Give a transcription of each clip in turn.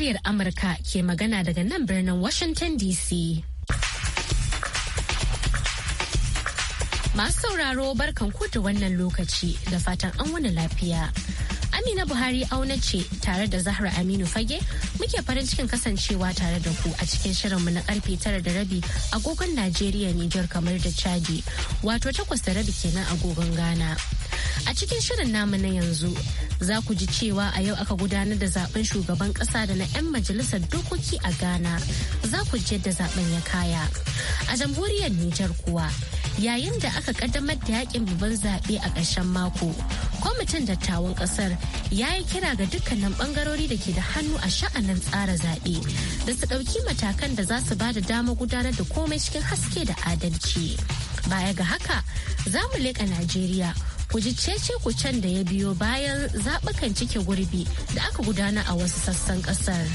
muryar Amurka ke magana daga nan birnin Washington DC. Masu sauraro barkan ku da wannan lokaci da fatan an wani lafiya. Amina Buhari auna ce tare da Zahra Aminu Fage muke farin cikin kasancewa tare da ku a cikin shirinmu na karfe tara da rabi agogon Najeriya Nijar kamar da Chadi wato takwas da rabi kenan agogon Ghana. A cikin shirin namu na yanzu za ku ji cewa a yau aka gudanar da zaben shugaban kasa da na 'yan majalisar dokoki a Ghana za ku ji yadda zaben ya kaya. A jamhuriyar Nijar kuwa yayin da aka kaddamar da yakin babban zaɓe a ƙarshen mako. kwamitin dattawan kasar ya yi kira ga dukkanin bangarori da ke da hannu a sha'anin tsara zaɓe da su ɗauki matakan da za su ba da dama gudanar da komai cikin haske da adalci baya ga haka za mu leƙa najeriya ku ji cece ku can da ya biyo bayan zaɓukan cike gurbi da aka gudana a wasu sassan ƙasar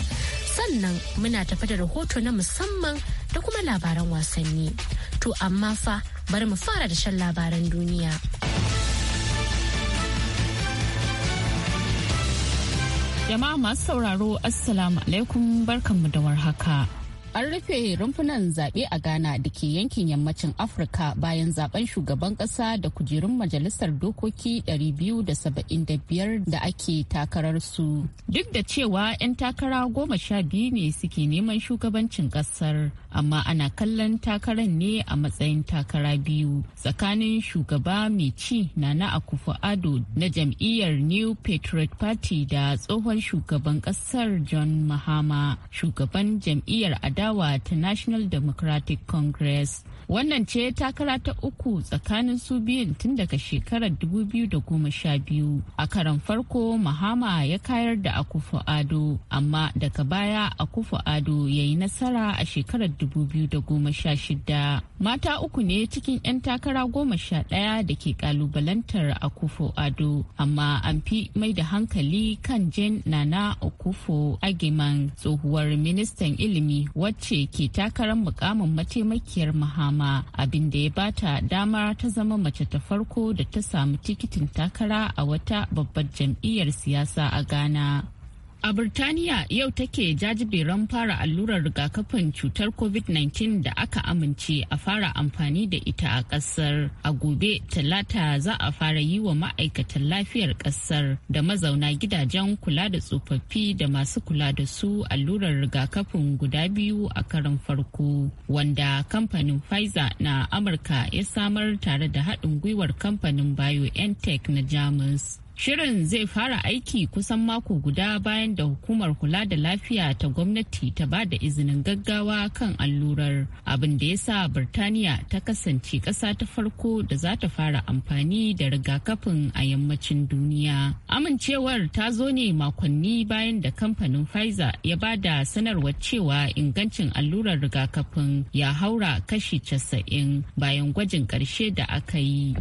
sannan muna tafi da rahoto na musamman da kuma labaran wasanni to amma fa bari mu fara da shan labaran duniya. Jama'a masu sauraro Assalamu alaikum barkanmu da warhaka. an rufe rumfunan zaɓe a ghana da ke yankin yammacin afirka bayan zaben shugaban ƙasa da kujerun majalisar dokoki 275 da ake takarar su duk da cewa 'yan takara goma sha biyu ne suke neman shugabancin ƙasar amma ana kallon takarar ne a matsayin takara biyu tsakanin shugaba mai ci na na akufo ado na jam'iyyar new patriot party da tsohon shugaban ƙasar john mahama shugaban jam'iyyar ada adawa ta National Democratic Congress. Wannan ce takara ta uku tsakanin su biyun tun daga shekarar 2012. A karan farko Mahama ya kayar da akufu Ado, amma daga baya akufu Ado ya yi nasara a shekarar 2016. Mata uku ne cikin 'yan takara goma sha ɗaya da ke kalubalantar Akufo Ado, amma an fi mai da hankali kan Jen Nana Akufo Agiman tsohuwar ministan ilimi wacce ke takarar mukamin mataimakiyar Mahama. dama abin da ya bata dama ta zama mace ta farko da ta samu tikitin takara a wata babbar jam'iyyar siyasa a ghana A Birtaniya yau take jajiberan fara allurar rigakafin cutar COVID-19 da aka amince a fara amfani da ita a ƙasar. A gobe talata za a fara yi wa ma'aikatan lafiyar ƙasar da mazauna gidajen kula da tsofaffi da masu kula da su allurar rigakafin guda biyu a karan farko wanda kamfanin Pfizer na Amurka ya samar tare da haɗin gwiwar kamfanin BioNTech na Jamus. Shirin zai fara aiki kusan mako guda bayan da hukumar kula da lafiya ta gwamnati ta ba da izinin gaggawa kan allurar abin da ya sa Birtaniya ta kasance ƙasa ta farko da za ta fara amfani da rigakafin a yammacin duniya. Amincewar ta zo ne makonni bayan da kamfanin Pfizer ya ba da sanarwar cewa ingancin allurar rigakafin ya haura kashi 90 bayan gwajin ƙarshe da aka yi.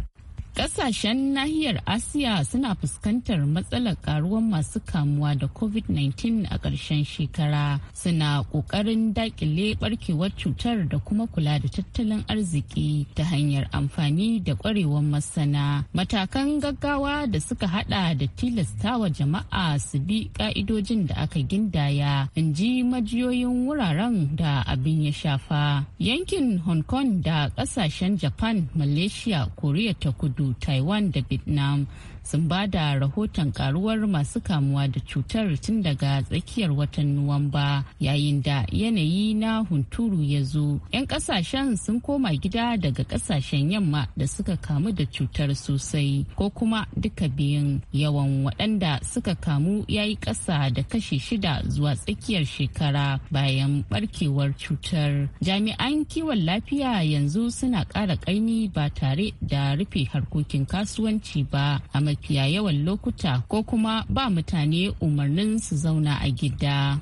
Ƙasashen nahiyar Asiya suna fuskantar matsalar karuwar masu kamuwa da COVID-19 a ƙarshen shekara suna ƙoƙarin daƙile ɓarkewar cutar da kuma kula da tattalin arziki ta hanyar amfani da ƙwarewar masana. Matakan gaggawa da suka hada da tilastawa jama'a su bi ƙa'idojin da aka gindaya, in ji majiyoyin wuraren da abin ya shafa. Yankin Hong Kong da ƙasashen Japan, Malaysia, korea ta kudu taiwan the vietnam sun ba da rahoton karuwar masu kamuwa da cutar tun daga tsakiyar watan nuwamba yayin da yanayi na hunturu ya zo 'yan kasashen sun koma gida daga kasashen yamma da suka kamu da cutar sosai ko kuma duka biyun yawan waɗanda suka kamu ya yi ƙasa da kashi shida zuwa tsakiyar shekara bayan barkewar cutar jami'an kiwon lafiya yanzu suna ƙara ƙaimi ba tare da rufe harkokin kasuwanci ba a mafiya yawan lokuta ko kuma ba mutane umarnin su zauna a gida.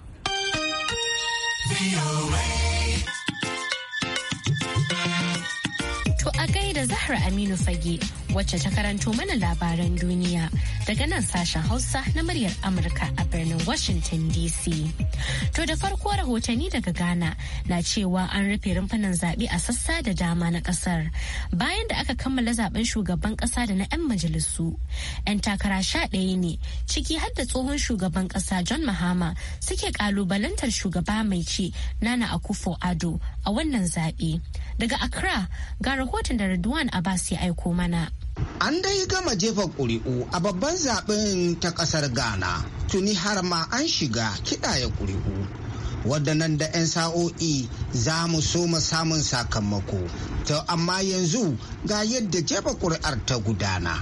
To a gaida Zahra Aminu Fage wacce ta karanto mana labaran duniya daga nan sashen Hausa na muryar Amurka a birnin Washington DC. To da farko rahotanni daga Ghana na cewa an rufe rumfunan zaɓe a sassa da dama na ƙasar bayan da aka kammala zaben shugaban ƙasa da na 'yan majalisu. 'Yan takara sha ɗaya ne ciki har da tsohon shugaban ƙasa John Mahama suke ƙalubalantar shugaba mai ci Nana Akufo Ado a wannan zaɓe. Daga Accra ga rahoton da Ridwan Abbas ya aiko mana. An dai gama jefa ƙuri'u a babban zaɓen ta ƙasar Ghana, tuni har ma an shiga kiɗaya ƙuri'u. Waɗannan da 'yan sa'o'i za mu so mu samun sakamako, to amma yanzu ga yadda jefa ƙuri'ar ta gudana.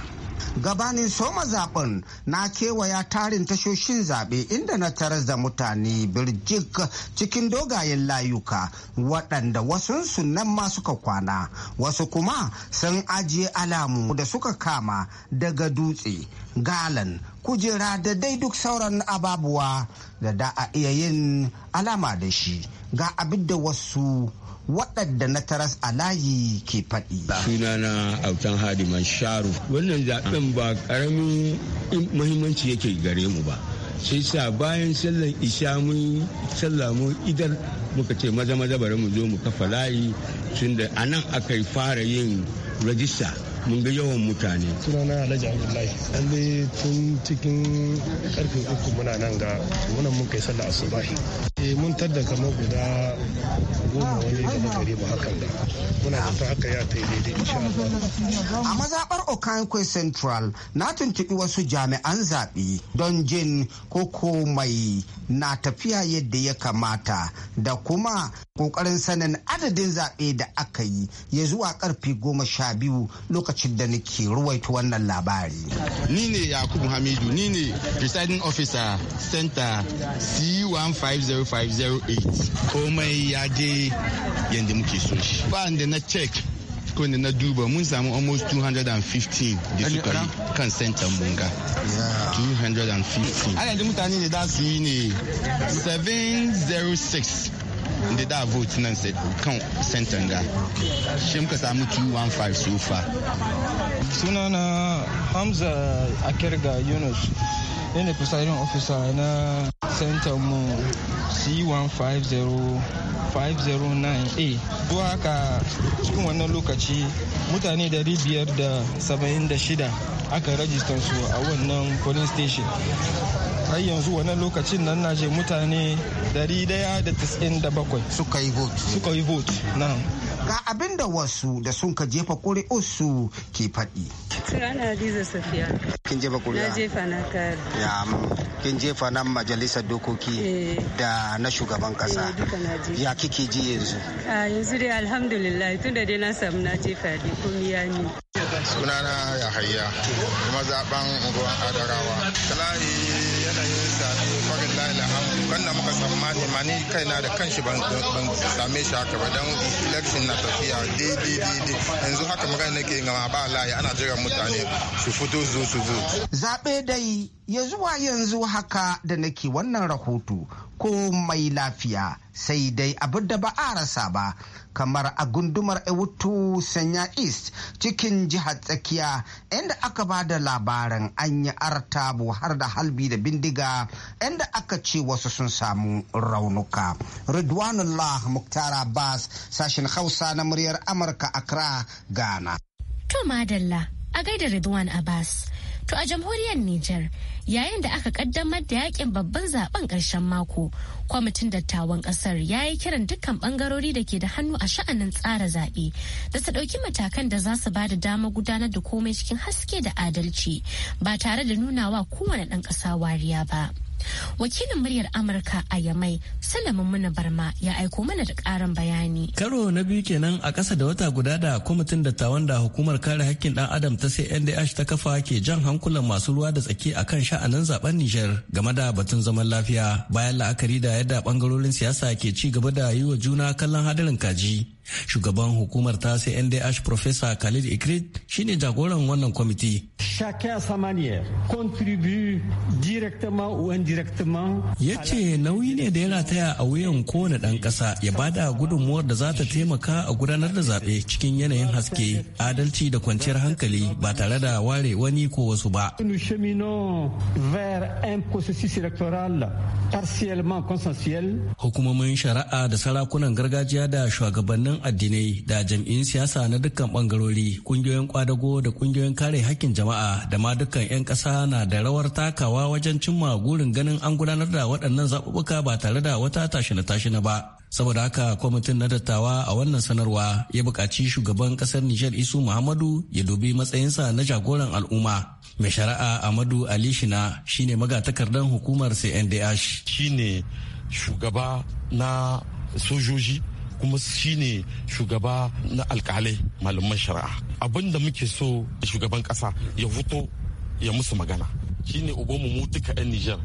gabanin soma zaben na kewaya tarin tashoshin zaɓe inda na taras da mutane birjik cikin dogayen layuka waɗanda wasunsu nan ma suka kwana wasu kuma sun ajiye alamu da suka kama daga dutse galan kujera da dai duk sauran ababuwa da da a iya yin alama da shi ga abin da wasu waɗanda na taras a layi ke faɗi. Sunana Autan Hadiman Sharu. Wannan zaɓen ba ƙaramin muhimmanci yake gare mu ba. sai sa bayan sallan isha mun sallar mun idan muka ce maza maza bari mu zo mu kafa layi tun da nan aka yi fara yin rajista mun ga yawan mutane sunana alhaji abdullahi lalle tun cikin karfe uku muna nan ga wannan mun kai sallah asubahi Eh, mun tadda kamar guda goma wani gaba gari ba hakan da muna ta haka ya ta daidai insha Allah a mazabar Okanko Central na tuntubi wasu jami'an zaɓe don jin koko mai na tafiya yadda ya kamata da kuma kokarin sanin adadin zaɓe da aka yi ya zuwa karfe goma sha biyu lokacin da nake ruwaito wannan labari. Ni ne Yakubu Hamidu, ni ne presiding officer center c 1504 0508 komai ya je yadda muke so shi ba da na check ko na duba mun samu almost 215 da suka yi kan sentan bunga 215 ana yanzu mutane ne da su yi ne 706 da da vote nan kan sentan ga shi muka samu 215 so far sunana hamza akirga yunus ne ne irin ofisa na center mu c150509a zuwa haka cikin wannan lokaci mutane 576 aka rajistar su a wannan polling station har yanzu wannan lokacin nan je mutane 197 suka yi vote na Ga abin da wasu da sun ka jefa ƙuri'unsu ke faɗi. Sunana Hadiza Safiya. Kin jefa ƙuri'a? Na jefa na kare. Ya kin jefa nan majalisar dokoki eh. da na shugaban kasa. Eh, ya kike ji yanzu? A yanzu dai alhamdulillah da dai na samu na jefa dai komi ya ne. Sunana hayya kuma zaben unguwan Adarawa. Salahi yanayin sami alhamdu kan muka tsammani ma ni kaina da kanshi ban same shi haka ba dan election na tafiya daidai daidai yanzu haka magana nake gama ba layi ana jiran mutane su fito zo su zo. Zaɓe dai ya zuwa yanzu haka da nake wannan rahoto ko mai lafiya sai dai abu da ba a rasa ba kamar a gundumar ewutu sanya east cikin jihar tsakiya inda aka ba da labarin an yi artabu har da halbi da bindiga inda aka ce wasu sun samu raunuka ridwanullah muktar abbas sashen hausa na muryar amurka accra ghana to madalla a gaida ridwan abbas To a jamhuriyar Nijar yayin da aka kaddamar da yakin babban zaben ƙarshen mako kwamitin dattawan ƙasar ya yi kiran dukkan ɓangarori da ke da hannu a sha'anin tsara zaɓe da su ɗauki matakan da za su ba da dama gudanar da komai cikin haske da adalci ba tare da nunawa kowane ɗan ƙasa wariya ba. Wakilin muryar Amurka a Yamai, Salamin Muna Barma ya aiko mana da karin bayani. Karo na biyu kenan a ƙasa da wata guda da kwamitin dattawan da hukumar kare hakkin ɗan adam ta sai NDH ta kafa ke jan hankulan masu ruwa da tsaki a kan sha'anin zaben Nijar game da batun zaman lafiya bayan la'akari da yadda bangarorin siyasa ke ci gaba da yi wa juna kallon hadarin kaji. Shugaban hukumar ta ndh Professor Khalid Ikrit shine jagoran wannan kwamiti. Ya ce nauyi ne da ya rataya a wuyan kowane ɗan ƙasa ya bada gudunmuwar da za ta taimaka a gudanar da zaɓe cikin yanayin haske, adalci da kwanciyar hankali ba tare da ware wani ko wasu ba. Hukumomin shari'a da sarakunan gargajiya da shugabannin addinai da jam'in siyasa na dukkan bangarori kungiyoyin kwadago da kungiyoyin kare hakkin jama'a da ma dukkan 'yan ƙasa na da rawar takawa wajen cimma gurin ganin an gudanar da waɗannan zaɓuɓɓuka ba tare da wata tashina-tashina ba saboda haka kwamitin na dattawa a wannan sanarwa ya buƙaci shugaban ƙasar nijar isu muhammadu ya dubi matsayinsa na jagoran al'umma mai shari'a amadu ali shina shine magatakardan hukumar cndh shine shugaba na sojoji kuma shi ne shugaba na alkalai malaman shari'a abin da muke so shugaban kasa ya fito ya musu magana shine ubanmu mu duka 'yan Nijar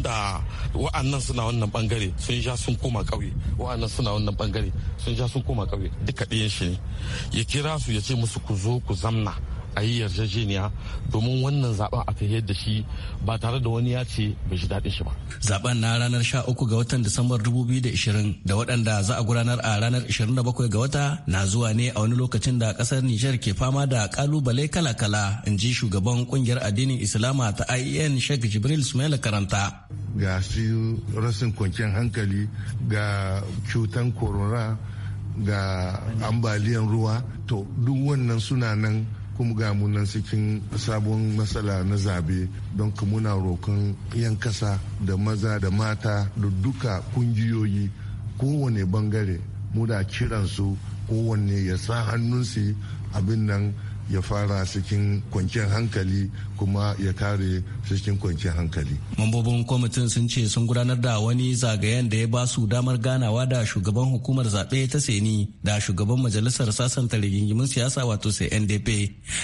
da wa'annan suna wannan bangare sun ja sun koma ƙauye wa'annan suna wannan bangare sun ja sun koma ƙauye duka ɗayan shi ne ya kira su ya ce musu ku zo ku zamna a yi yarjejeniya domin wannan zaben aka yadda shi ba tare da wani ya ce bai shi daɗin shi ba. Zaben na ranar 13 ga watan Disambar 2020 da waɗanda za a gudanar a ranar 27 ga wata na zuwa ne a wani lokacin da ƙasar Nijar ke fama da kalubale kala-kala in ji shugaban ƙungiyar addinin Islama ta IEN Sheikh Jibril Sumaila Karanta. Ga su rasin kwanciyar hankali ga cutan corona ga ambaliyan ruwa to duk wannan suna nan kuma ga munan cikin sabon matsala na zabe don ka muna rokon 'yan kasa da maza da mata da duka kungiyoyi kowane bangare muna kiransu kowanne ya sa hannunsu abin nan ya fara cikin kwanciyar hankali kuma ya kare cikin kwanciyar hankali. Mambobin kwamitin sun ce sun gudanar da wani zagayen da ya ba su damar ganawa da shugaban hukumar zaɓe ta seni da shugaban majalisar sasanta rigingimin siyasa wato sai NDP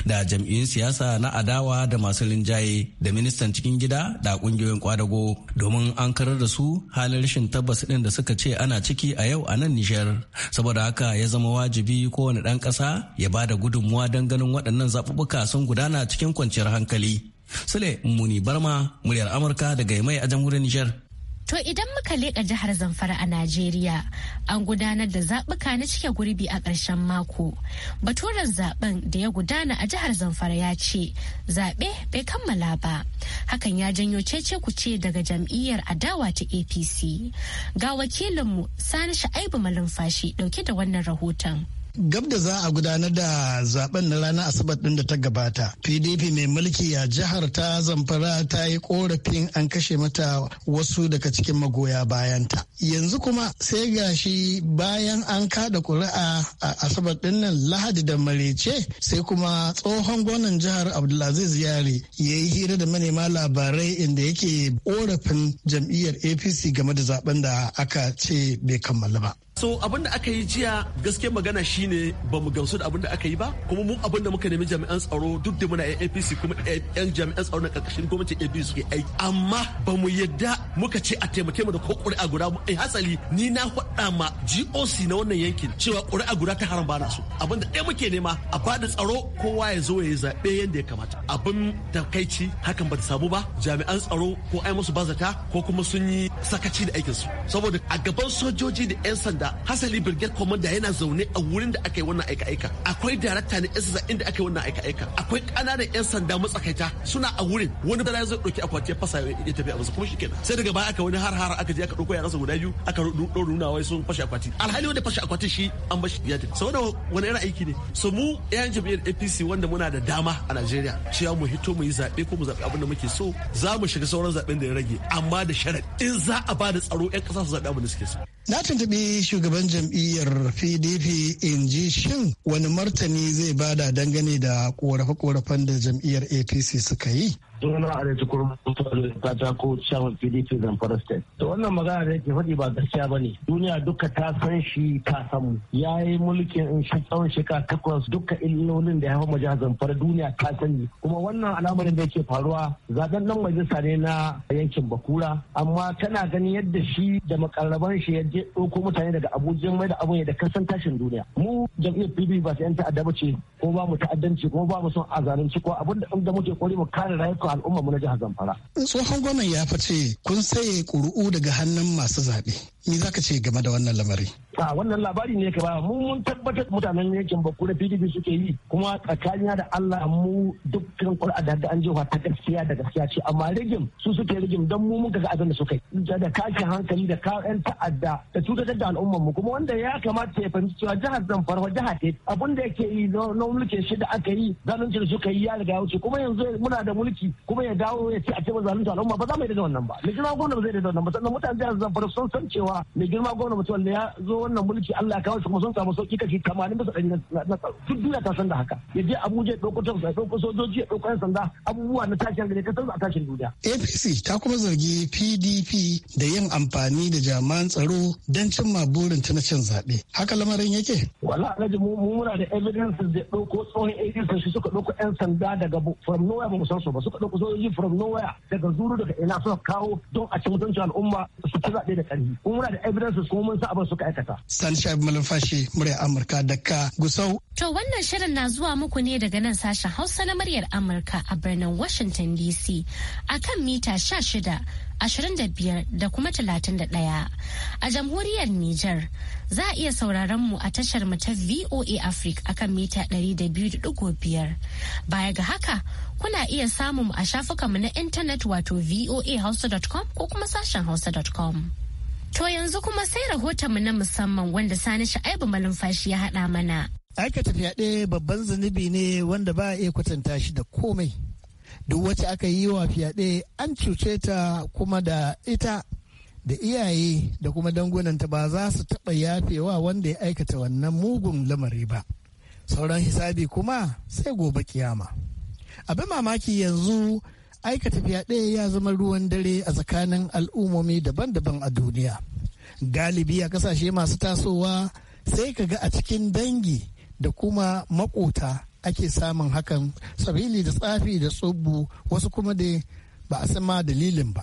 da jam'iyyun siyasa na adawa da masu linjaye da ministan cikin gida da ƙungiyoyin kwadago domin an karar da su halin rashin tabbas ɗin da suka ce ana ciki a yau a nan Nijar. Saboda haka ya zama wajibi kowane ɗan ƙasa ya ba da gudunmuwa don ganin waɗannan zaɓuɓɓuka sun gudana cikin kwanciyar hankali. Sule Muni Barma, muryar Amurka daga mai a jamhuriyar Nijar. To idan muka leƙa jihar Zamfara a Najeriya an gudanar da zaɓuka na cike gurbi a ƙarshen mako. Baturen zaɓen da ya gudana a jihar Zamfara ya ce zaɓe bai kammala ba. Hakan ya janyo cece ku ce daga jam'iyyar adawa ta APC. Ga wakilinmu Sani Sha'aibu Malumfashi ɗauke da wannan rahoton. Gab da za a gudanar da zaben na ranar Asabar ɗin da ta gabata, PDP mai mulki a jihar ta Zamfara ta yi korafin an kashe mata wasu daga cikin magoya bayanta. Yanzu kuma sai gashi bayan an kada ƙuri'a a Asabar ɗinnan nan Lahadi da Marece sai kuma tsohon gwanan jihar Abdulaziz Yari ya yi hira da manema labarai inda yake korafin jam'iyyar APC game da zaben da aka ce bai kammala ba. so abin da aka yi jiya gaske magana shine ba mu gamsu da abin da aka yi ba kuma mu abin da muka nemi jami'an tsaro duk da muna yan apc kuma yan jami'an tsaro na karkashin gwamnatin apc suke aiki amma ba mu yadda muka ce a taimake mu da ko ƙuri'a guda ai eh, hasali ni na faɗa ma GOC na wannan yankin cewa ƙuri'a guda ta haram bana su abinda ɗaya muke nema a bada tsaro kowa ya zo ya zaɓe yadda ya kamata abin takaici hakan ba ta samu ba jami'an tsaro ko ai musu bazata ko kuma sun yi sakaci da aikinsu saboda a gaban sojoji da 'yan sanda hasali brigade commander yana zaune a wurin da aka yi wannan aika-aika akwai darakta na 'yan sanda inda aka yi wannan aika-aika akwai ƙananan 'yan sanda matsakaita suna a wurin wani da zai ɗauki akwati ya fasa ya tafi a kuma shi kenan sai daga gaba aka wani har har aka je aka ɗauko yaransa guda biyu aka ɗau nuna wai sun fashe akwati alhali wanda fashe akwati shi an bashi ya sau da wani irin aiki ne so mu yan jam'iyyar apc wanda muna da dama a najeriya cewa mu hito mu yi zaɓe ko mu zaɓi abin da muke so za mu shiga sauran zaɓen da ya rage amma da sharad in za a ba da tsaro yan ƙasa su zaɓi abin da suke so. na tuntuɓi shugaban jam'iyyar pdp in ji shin wani martani zai bada dangane da ƙorafe-ƙorafen da jam'iyyar apc suka yi sunana a rai kurma mutane katako chairman pdp fara state to wannan magana da yake faɗi ba gaskiya ba ne duniya duka ta san shi ta san ya yi mulkin in shi tsawon shekara takwas duka illolin da ya hafa zan zamfara duniya ta sani kuma wannan al'amarin da yake faruwa zaben nan majalisa ne na yankin bakura amma tana ganin yadda shi da makarraban shi ya je ɗauko mutane daga abuja mai da abun da kasan tashin duniya mu jam'iyyar pdp ba su yan ta'adda ce ko ba mu ta'addanci kuma ba mu son a zalunci ko abin da muke kori mu kare rayuka al'umma mu na jihar Zamfara. Tsohon gwamnan ya fa ce kun saye ƙuri'u daga hannun masu zaɓe. ni zaka ce game da wannan lamari? a wannan labari ne ka ba mu mun tabbatar mutanen yankin ba da PDP suke yi kuma tsakanina da Allah mu dukkan ƙwar'a da an jefa ta gaskiya da gaskiya ce amma rigim su suke rigim don mu mun ga abin da suka yi da kashi hankali da yan ta'adda da cutar da al'ummar mu kuma wanda ya kamata ya fahimci cewa jihar Zamfara jihar ce abin da yake yi na mulki shi da aka yi zalunci da suka yi ya riga ya wuce kuma yanzu muna da mulki kuma ya dawo ya ce a ce ba zalunci al'umma ba za mu yi da wannan ba mai girma gwamna ba zai da wannan ba sannan mutanen jihar Zamfara sun san cewa mai girma gwamna wanda ya zo wannan mulki Allah ya kawo su kuma sun samu sauki kashi 80 na tsaro duk duniya ta san da haka ya je Abuja ya dauko tafsa ya dauko sojoji ya dauko sanda abubuwa na tashin gari ka a tashin duniya APC ta kuma zargi PDP da yin amfani da jami'an tsaro don cimma burin ta na cin zabe haka lamarin yake wala alhaji mu muna da evidence da dauko tsohon APC shi suka dauko yan sanda daga from nowhere ba mu san su ba suka dauko sojoji from nowhere daga zuru daga ina suka kawo don a ci mutuncin al'umma su ci zabe da karfi kuma muna da evidence kuma mun sa abin suka aikata ƙasa. Sani Shaib Malumfashi murya Amurka daga Gusau. To wannan shirin na zuwa muku ne daga nan sashen Hausa na muryar Amurka a birnin Washington DC a kan mita shida. ashirin da kuma 31 a jamhuriyar Nijar za a iya sauraron mu a tashar mu ta VOA Africa a kan mita ɗari 200.5 baya ga haka kuna iya samun mu a shafukanmu na intanet wato voahausa.com ko kuma sashen hausa.com. To yanzu kuma sai rahotonmu na musamman wanda sani sha'ibu malumfashi ya haɗa mana. Aikata fyaɗe babban zunubi ne wanda ba a iya kwatanta shi da komai. Duk wacce aka yi wa fyaɗe an cuce ta kuma da ita da iyaye da kuma dangunanta ba za su taɓa yafewa wanda ya aikata wannan mugun lamari ba. Sauran hisabi kuma sai gobe kiyama. Abin mamaki yanzu aikata fyaɗe ya zama ruwan dare a tsakanin al'ummomi daban-daban a duniya galibi a kasashe masu tasowa sai ka ga a cikin dangi da kuma makota ake samun hakan sabili da tsafi da tsubu wasu kuma da ba a sama dalilin ba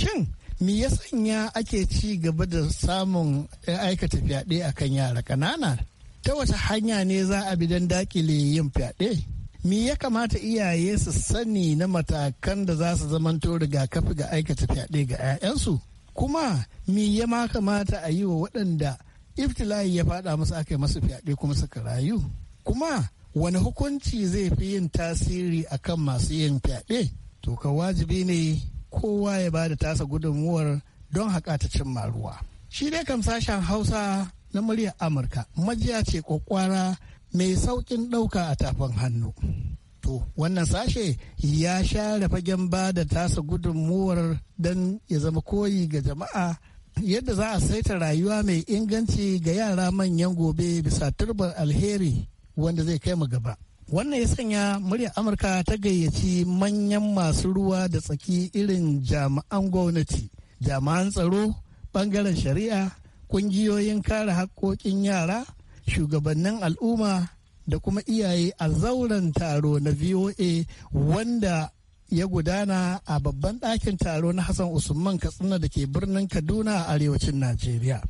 shin me ya sanya ake ci gaba da samun eh, aikata fyaɗe kan yara ƙanana ta wace hanya ne za a bi don dakile yin fyaɗe me ya kamata iyaye su sani na matakan da za su zamanto rigakafi ga aikata fyaɗe ga 'ya'yansu kuma me ya ma kamata a yi wa waɗanda iftila'i ya faɗa musu aka yi masu fyaɗe kuma suka rayu kuma wani hukunci zai fi yin tasiri a kan masu yin fyaɗe to ka wajibi ne kowa ya ba da tasa gudunmuwar don haƙa ta cimma ruwa shi dai kam sashen hausa na muryar amurka majiya ce kwakwara mai sauƙin ɗauka a tafin hannu. To, wannan sashe ya share fagen ba da tasa gudunmuwar don ya zama koyi ga jama'a yadda za a saita rayuwa mai inganci ga yara manyan gobe bisa turbar alheri wanda zai kai mu gaba. Wannan ya sanya muryar Amurka ta gayyaci manyan masu ruwa da tsaki irin jami'an gwamnati, jami'an tsaro, ɓangaren shari'a, ƙungiyoyin kare haƙƙoƙin yara, shugabannin al'umma da kuma iyaye a zauren taro na VOA wanda ya gudana a babban ɗakin taro na Hassan Usman Katsina da ke birnin Kaduna a arewacin Najeriya.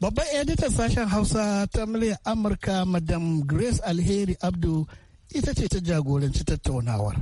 Babban editan sashen Hausa ta muryar Amurka Madam Grace Alheri Abdu ita ce ta jagoranci tattaunawar.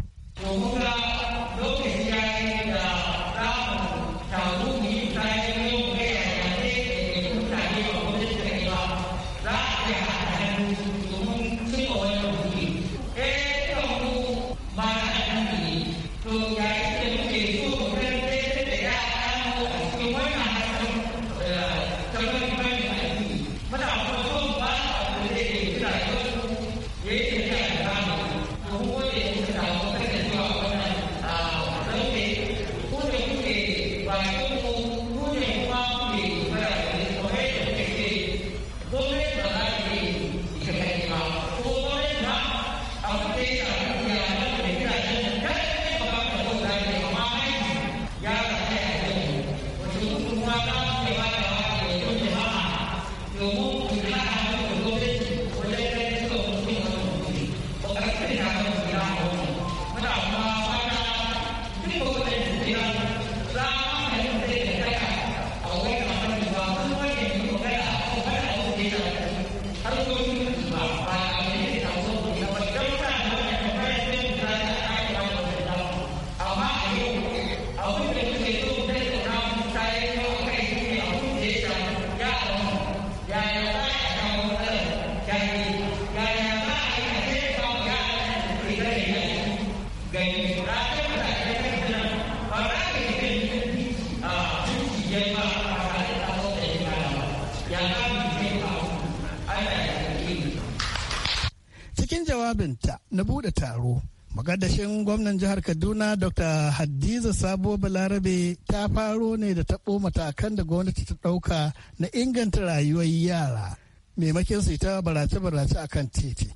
mukaddashin gwamnan jihar kaduna dr hadiza sabo balarabe ta faro ne da taɓo matakan da gwamnati ta ɗauka na inganta rayuwar yara maimakin su ta barace-barace a kan titi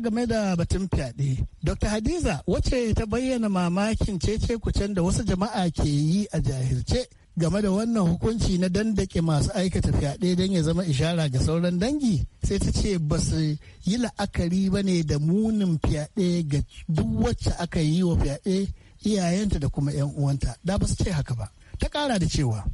tambaya game da batun fyaɗe. Dr. Hadiza wacce ta bayyana mamakin cece kucen da wasu jama'a ke yi a jahilce game da wannan hukunci na dandake masu aikata fyaɗe don ya zama ishara ga sauran dangi sai ta ce ba su yi la'akari ba ne da munin fyaɗe ga duk wacce aka yi wa fyaɗe iyayenta da kuma 'yan uwanta da ba su ce haka ba ta kara da cewa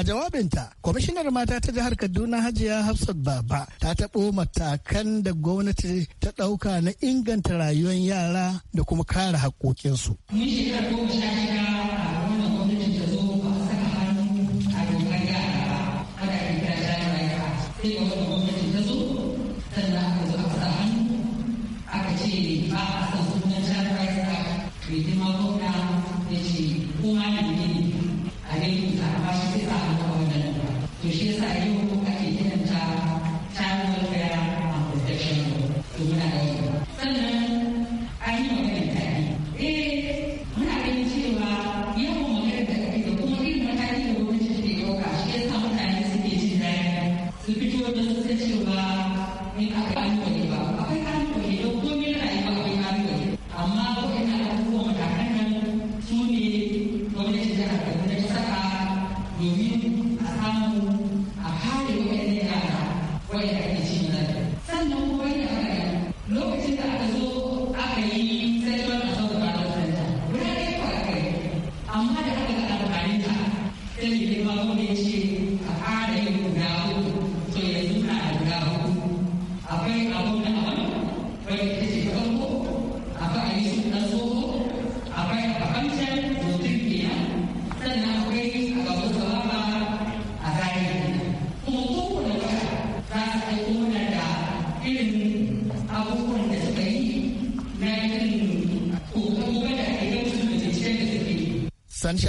A jawabinta, kwamishinar mata ta jihar Kaduna Hajiya Hafsat Baba ta taɓo matakan da gwamnati ta ɗauka na inganta rayuwar yara da kuma kare haƙƙoƙinsu. Mun 你是在。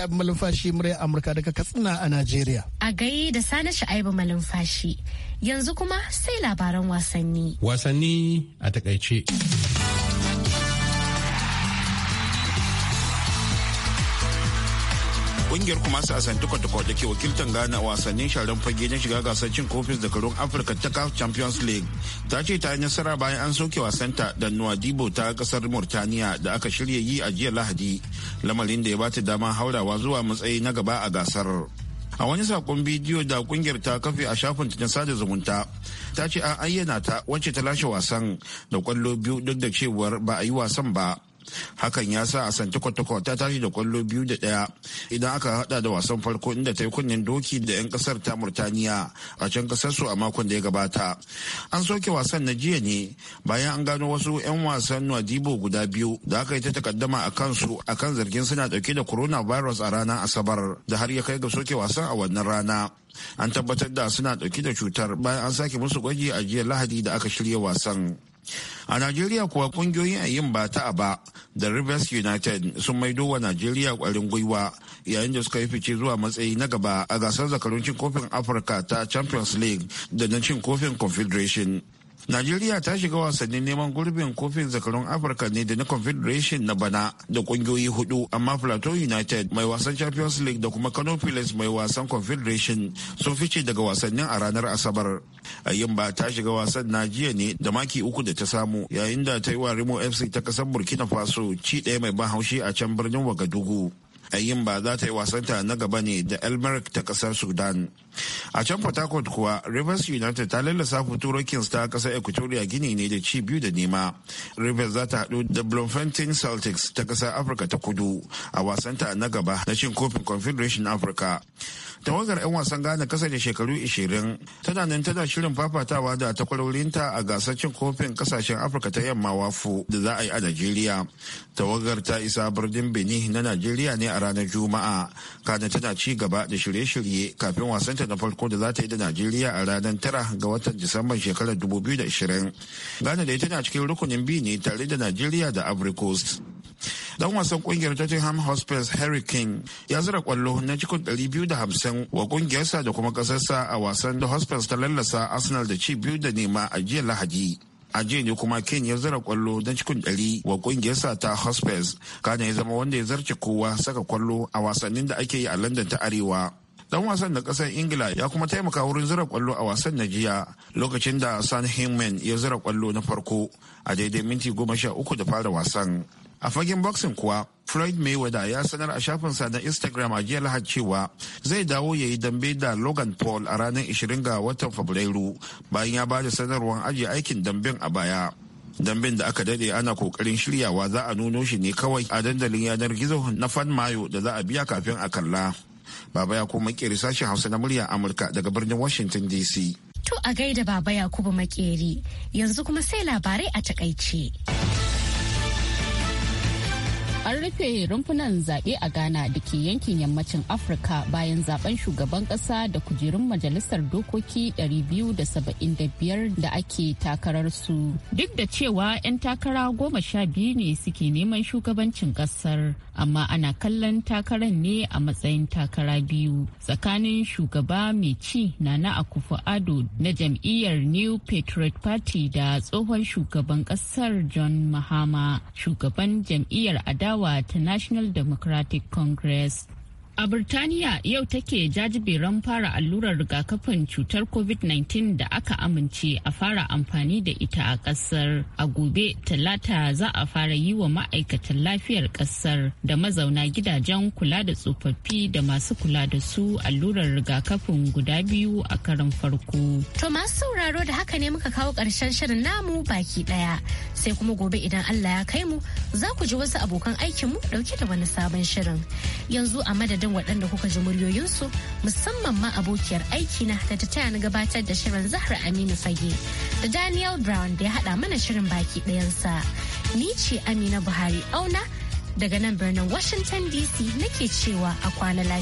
Sha'ibu Malumfashi muryar Amurka daga Katsina a Najeriya. A gai da Sani Sha'ibu Malumfashi. Yanzu kuma sai labaran wasanni. Wasanni a takaice. kungiyar kuma su asanti kwatakwa da ke wakiltar gana a wasannin sharan fage na shiga gasar cin kofin zakarun afirka ta caf champions league ta ce ta yi nasara bayan an soke wasanta da nuwadibo ta kasar murtaniya da aka shirya yi a jiya lahadi lamarin da ya bata dama haurawa zuwa matsayi na gaba a gasar a wani sakon bidiyo da kungiyar ta kafe a shafin na sada zumunta ta ce an ayyana ta wacce ta lashe wasan da kwallo biyu duk da cewar ba a yi wasan ba hakan ya sa a santi kwatakwa ta tashi da kwallo biyu da ɗaya idan aka hada da wasan farko inda ta yi kunnen doki da 'yan kasar ta murtaniya a can kasar su a makon da ya gabata an soke wasan na jiya ne bayan an gano wasu 'yan wasan nwadibo guda biyu da aka yi ta takaddama a kansu a kan zargin suna dauke da corona virus a ranar asabar da har ya kai ga soke wasan a wannan rana an tabbatar da suna dauke da cutar bayan an sake musu gwaji a jiya lahadi da aka shirya wasan A Najeriya kuwa kungiyoyin yin ba ta ba da Rivers United sun maido wa Najeriya kwarin gwiwa yayin da suka yi fice zuwa matsayi na gaba a gasar zakarun cin kofin Afirka ta Champions League da na cin kofin Confederation. Najeriya ta shiga wasannin neman gurbin kofin zakarun Afirka ne da na Confederation na bana da kungiyoyi hudu amma Plateau United mai wasan Champions League da kuma Kano Pilas mai wasan Confederation sun fice daga wasannin a ranar Asabar. Ayimba ta shiga wasan Najiya ne da maki uku da ta samu yayin da ta yi wa Remo FC ta kasar Burkina Faso ci ɗaya mai ban haushi a can birnin Wagadugu. Ayimba za ta yi wasanta na gaba ne da Elmerick ta kasar Sudan. a can port kuwa rivers united ta lallasa futuro kings ta kasar equatoria gini ne da ci biyu da nema rivers za ta haɗu da bloemfontein celtics ta kasar afirka ta kudu a wasanta na gaba na cin kofin confederation africa tawagar 'yan wasan ghana kasa da shekaru 20 tana nan tana shirin fafatawa da ta a gasar cin kofin kasashen afirka ta yamma wafu da za a yi a najeriya tawagar ta isa birnin benin na najeriya ne a ranar juma'a kana tana ci gaba da shirye-shirye kafin wasan ta na farko da za ta yi da Najeriya a ranar tara ga watan Disamban shekarar dubu 2020. Ghana da ita tana cikin rukunin biyu ne tare da Najeriya da Ivory Coast. Dan wasan kungiyar Tottenham Hotspur Harry King ya zira kwallo na cikin 250 wa kungiyarsa da kuma kasarsa a wasan da Hotspur ta lallasa Arsenal da ci biyu da nema a jiya Lahadi. a jiya ne kuma ken ya zira kwallo don cikin ɗari wa ƙungiyarsa ta hospice kana ya zama wanda ya zarce kowa saka kwallo a wasannin da ake yi a london ta arewa dan wasan da kasar ingila ya kuma taimaka wurin zura kwallo a wasan na jiya lokacin da san himmen ya zura kwallo na farko a daidai minti goma sha uku da fara wasan a fagen boxing kuwa floyd mayweather ya sanar a shafin sa na instagram a jiya lahad cewa zai dawo ya yi dambe da logan paul a ranar 20 ga watan fabrairu bayan ya bada sanarwar ajiye aikin damben a baya damben da aka dade ana kokarin shiryawa za a nuno shi ne kawai a dandalin yanar gizo na fan mayo da za a biya kafin a kalla Baba Yakubu kuma makeri sashen Hausa na murya Amurka daga birnin Washington DC. To a gaida Baba Yakubu Makeri yanzu kuma sai labarai a takaice. an rufe rumfunan zaɓe a ghana da ke yankin yammacin afirka bayan zaben shugaban ƙasa da kujerun majalisar dokoki 275 da ake takararsu duk da cewa 'yan takara goma sha biyu ne suke neman shugabancin ƙasar amma ana kallon takarar ne a matsayin takara biyu tsakanin shugaba mai ci na na akufu ado na jam'iyyar new patriot party da tsohon shugaban ƙasar john mahama shugaban jam'iyyar ada adawa ta National Democratic Congress. A Birtaniya yau take jajiberan fara allurar rigakafin cutar COVID-19 da aka amince a fara amfani da ita a kasar A gobe talata za a fara yi wa ma'aikatan lafiyar kasar da mazauna gidajen kula da tsofaffi da masu kula da su allurar rigakafin guda biyu a karan farko. To masu sauraro da haka ne muka kawo ƙarshen shirin namu baki ɗaya. Sai kuma gobe idan Allah ya kai mu za ku ji wasu abokan aikinmu ɗauke da wani sabon shirin. Yanzu a madadin waɗanda kuka ji muryoyinsu musamman ma abokiyar aiki na da ta taya na gabatar da shirin Zahra Aminu Fage da Daniel Brown da ya haɗa mana shirin baki ɗayansa. Ni ce Amina Buhari auna daga nan birnin Washington DC nake cewa a kwana lafiya.